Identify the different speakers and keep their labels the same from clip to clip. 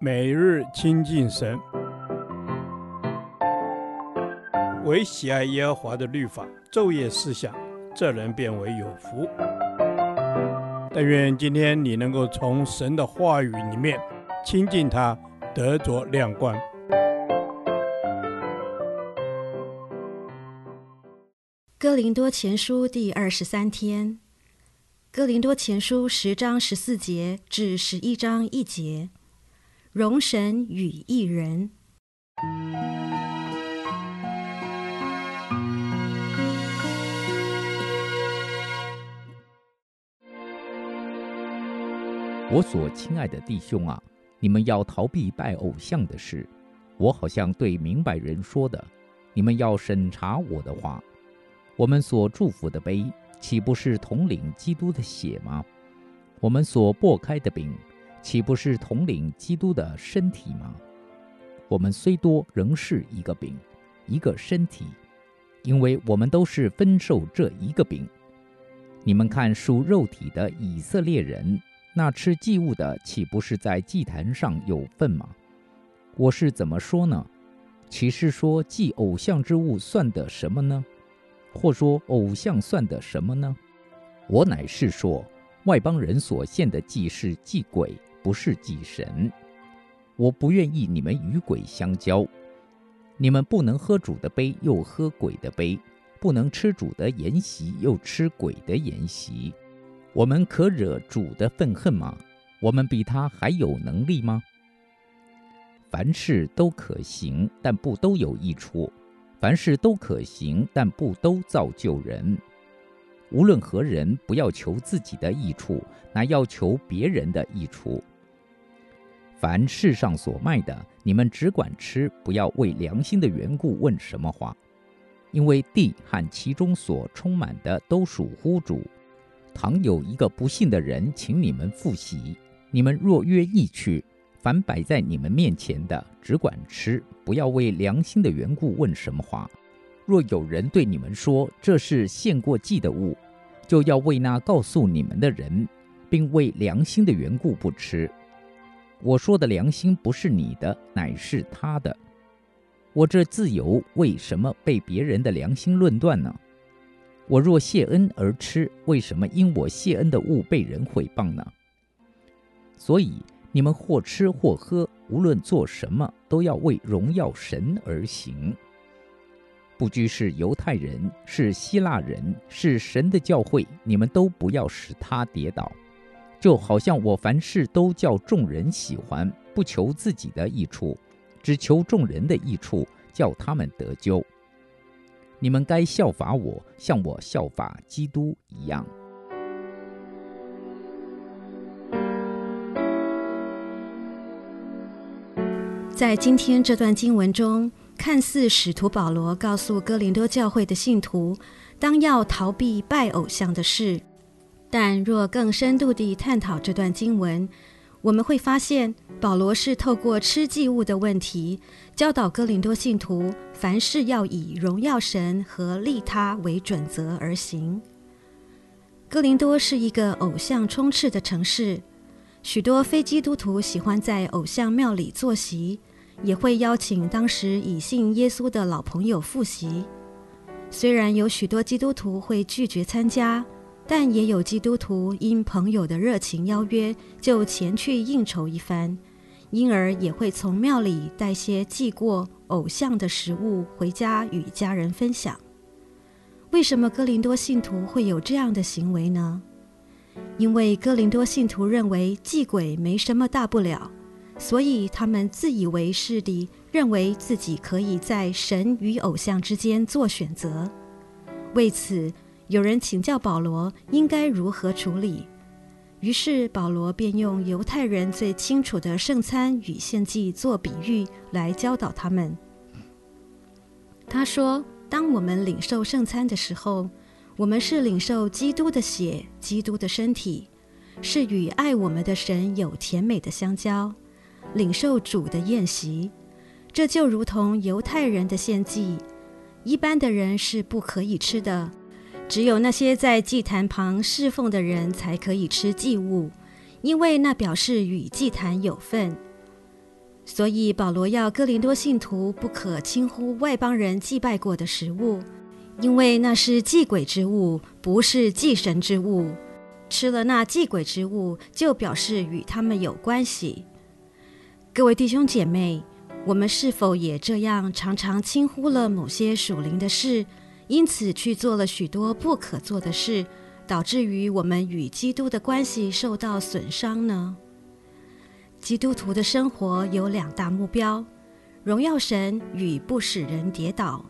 Speaker 1: 每日親近神，唯喜愛耶和華的律法，晝夜思想，這人便為有福。但願今天你能夠從神的話語裡面親近他，得着亮光。
Speaker 2: 哥林多前書第二十三天，哥林多前書十章十四節至十一章一節。榮神與益人。
Speaker 1: 我所親愛的弟兄啊，你們要逃避拜偶像的事。我好像對明白人說的。你們要審查我的話。我們所祝福的杯，豈不是同領基督的血嗎？我們所擘開的餅。豈不是同領基督的身體嗎？我們雖多，仍是一個餅，一個身體，因為我們都是分受這一個餅。你們看屬肉體的以色列人，那吃祭物的，豈不是在祭壇上有份嗎？我是怎麼說呢？豈是說祭偶像之物算得什麼呢？或說偶像算得什麼呢？我乃是說，外邦人所獻的祭是祭鬼。不是祭神，我不願意你們與鬼相交。你們不能喝主的杯，又喝鬼的杯；不能吃主的筵席，又吃鬼的筵席。我們可惹主的憤恨嗎？我們比他還有能力嗎？凡事都可行，但不都有益處；凡事都可行，但不都造就人。無論何人，不要求自己的益處，乃要求別人的益處。凡市上所賣的，你們只管吃，不要為良心的緣故問什麼話。因為地和其中所充滿的都屬乎主。倘有一個不信的人，請你們赴席。你們若願意去，凡擺在你們面前的，只管吃，不要為良心的緣故問什麼話。若有人對你們說，這是獻過祭的物，就要為那告訴你們的人，並為良心的緣故不吃。我說的良心不是你的，乃是他的。我這自由為什麼被別人的良心論斷呢？我若謝恩而吃，為什麼因我謝恩的物被人毀謗呢？所以你們或吃或喝，無論做什麼，都要為榮耀神而行。不拘是猶太人，是希臘人，是神的教會，你們都不要使他跌倒。就好像我凡事都叫眾人喜歡，不求自己的益處，只求眾人的益處，叫他們得救。你們該效法我，像我效法基督一樣。
Speaker 2: 在今天這段經文中，看似使徒保羅告訴哥林多教會的信徒，當要逃避拜偶像的事。但若更深度地探討這段經文，我們會發現保羅是透過吃祭物的問題，教導哥林多信徒凡事要以榮耀神和利他為準則而行。哥林多是一個偶像充斥的城市，許多非基督徒喜歡在偶像廟裡坐席，也會邀請當時以信耶穌的老朋友赴席。雖然有許多基督徒會拒絕參加。但也有基督徒因朋友的熱情邀約，就前去應酬一番，因而也會從廟裡帶些祭過偶像的食物回家與家人分享。為什麼哥林多信徒會有這樣的行為呢？因為哥林多信徒認為祭鬼沒什麼大不了，所以他們自以為是地認為自己可以在神與偶像之間做選擇。為此，有人請教保羅應該如何處理，於是保羅便用猶太人最清楚的聖餐與獻祭做比喻來教導他們。他說：“當我們領受聖餐的時候，我們是領受基督的血、基督的身體，是與愛我們的神有甜美的相交。領受主的宴席，這就如同猶太人的獻祭，一般的人是不可以吃的。”只有那些在祭壇旁侍奉的人才可以吃祭物，因為那表示與祭壇有份。所以保羅要哥林多信徒不可輕忽外邦人祭拜過的食物，因為那是祭鬼之物，不是祭神之物。吃了那祭鬼之物，就表示與他們有關係。各位弟兄姐妹，我們是否也這樣常常輕忽了某些屬靈的事？因此，去做了許多不可做的事，導致於我們與基督的關係受到損傷呢？基督徒的生活有兩大目標：榮耀神與不使人跌倒。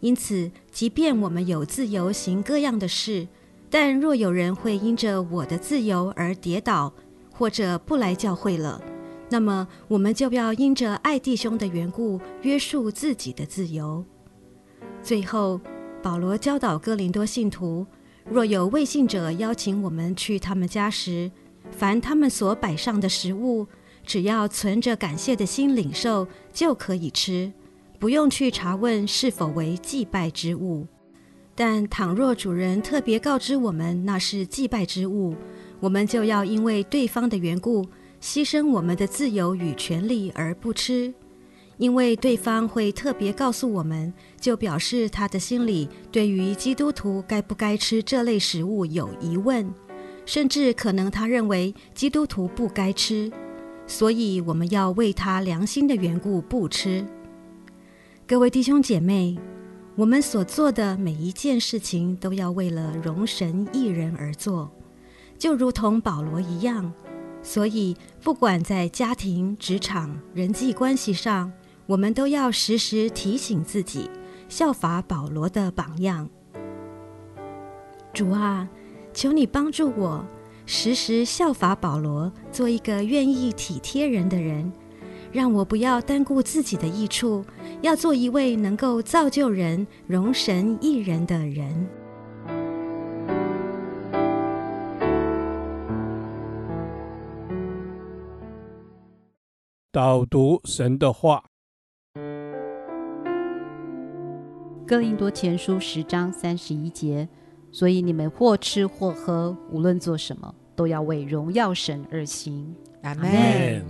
Speaker 2: 因此，即便我們有自由行各樣的事，但若有人會因着我的自由而跌倒，或者不來教會了，那麼我們就要因着愛弟兄的緣故，約束自己的自由。最後，保羅教導哥林多信徒：若有未信者邀請我們去他們家時，凡他們所擺上的食物，只要存着感謝的心領受，就可以吃，不用去查問是否為祭拜之物。但倘若主人特別告知我們那是祭拜之物，我們就要因為對方的緣故，犧牲我們的自由與權利而不吃。因為對方會特別告訴我們，就表示他的心裡對於基督徒該不該吃這類食物有疑問，甚至可能他認為基督徒不該吃，所以我們要為他良心的緣故不吃。各位弟兄姐妹，我們所做的每一件事情都要為了榮神益人而做，就如同保羅一樣。所以，不管在家庭、職場、人際關係上，我們都要時時提醒自己，效法保羅的榜樣。主啊，求你幫助我，時時效法保羅，做一個願意體貼人的人，讓我不要單顧自己的益處，要做一位能夠造就人、榮神益人的人。
Speaker 1: 導讀神的話。
Speaker 3: 哥林多前書十章三十一節，所以你們或吃或喝，無論做什麼，都要為榮耀神而行。阿門。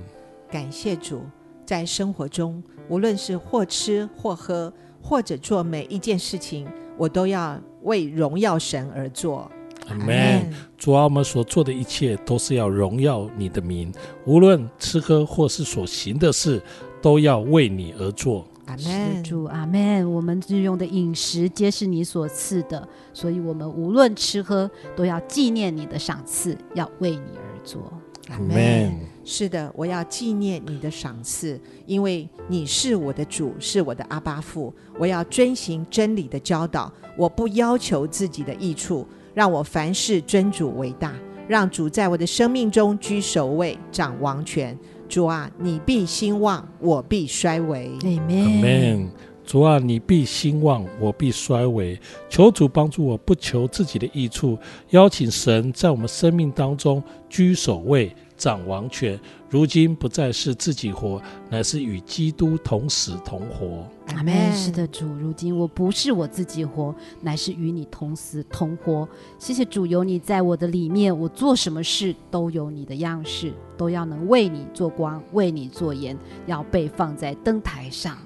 Speaker 3: 感謝主，在生活中，無論是或吃或喝，或者做每一件事情，我都要為榮耀神而做。
Speaker 2: 阿門。主啊，我們所做的一切都是要榮耀你的名，無論吃喝或是所行的事，都要為你而做。
Speaker 3: Amen、是主阿門，我們日用的飲食皆是你所賜的，所以我們無論吃喝都要紀念你的賞賜，要為你而做。阿門。是的，我要紀念你的賞賜，因為你是我的主，是我的阿爸父。我要遵行真理的教導，我不要求自己的益處，讓我凡事尊主為大，讓主在我的生命中居首位，掌王權。主啊，你必興旺，我必衰微。Amen, Amen。
Speaker 2: 主啊，你必興旺，我必衰微。求主幫助我，不求自己的益處。邀請神在我們生命當中居首位。掌王權，如今不再是自己活，乃是與基督同死同活。阿
Speaker 3: 門。是的，主，如今我不是我自己活，乃是與你同死同活。謝謝主，有你在我的裡面，我做什麼事都有你的樣式，都要能為你做光，為你做鹽，要被放在燈臺上。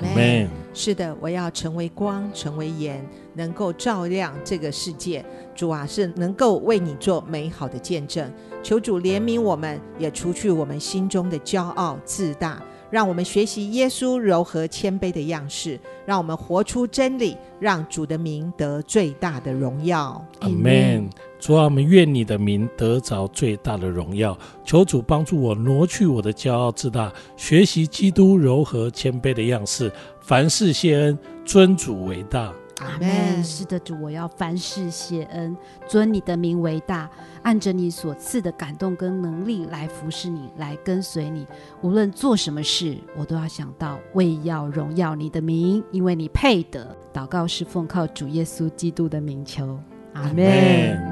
Speaker 3: Amen。Amen。是的，我要成為光，成為鹽，能夠照亮這個世界。主啊，是能夠為你做美好的見證。求主憐憫我們，也除去我們心中的驕傲自大，讓我們學習耶穌柔和謙卑的樣式，讓我們活出真理，讓主的名得最大的榮耀。Amen。
Speaker 2: 主啊，我們願你的名得着最大的榮耀。求主幫助我挪去我的驕傲自大，學習基督柔和謙卑的樣式。凡事謝恩，尊主為大。
Speaker 3: 阿們，是的，主，我要凡事謝恩，尊你的名為大，按着你所賜的感動跟能力來服侍你，來跟隨你。無論做什麼事，我都要想到為要榮耀你的名，因為你配得。禱告是奉靠主耶穌基督的名求。阿們。Amen